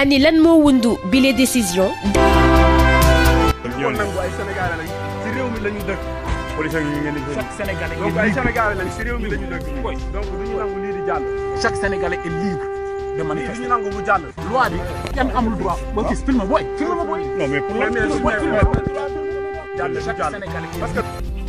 ani lan moo wundu bile décision. ñooñu ay Sénégalais lañ ci réew mi lañu dëkk. police yi ñu ngi leen di. chaque Sénégalais donc ay Sénégalais lañ ci réew mi lañu dëkk. donc duñu nangu lii di jàll. chaque Sénégalais est libre de manifester. lii ñu nangu mu jàll. loi bi kenn amul droit. boo gis film booy. film booy. non mais pour la. jàll chaque Sénégalais parce que.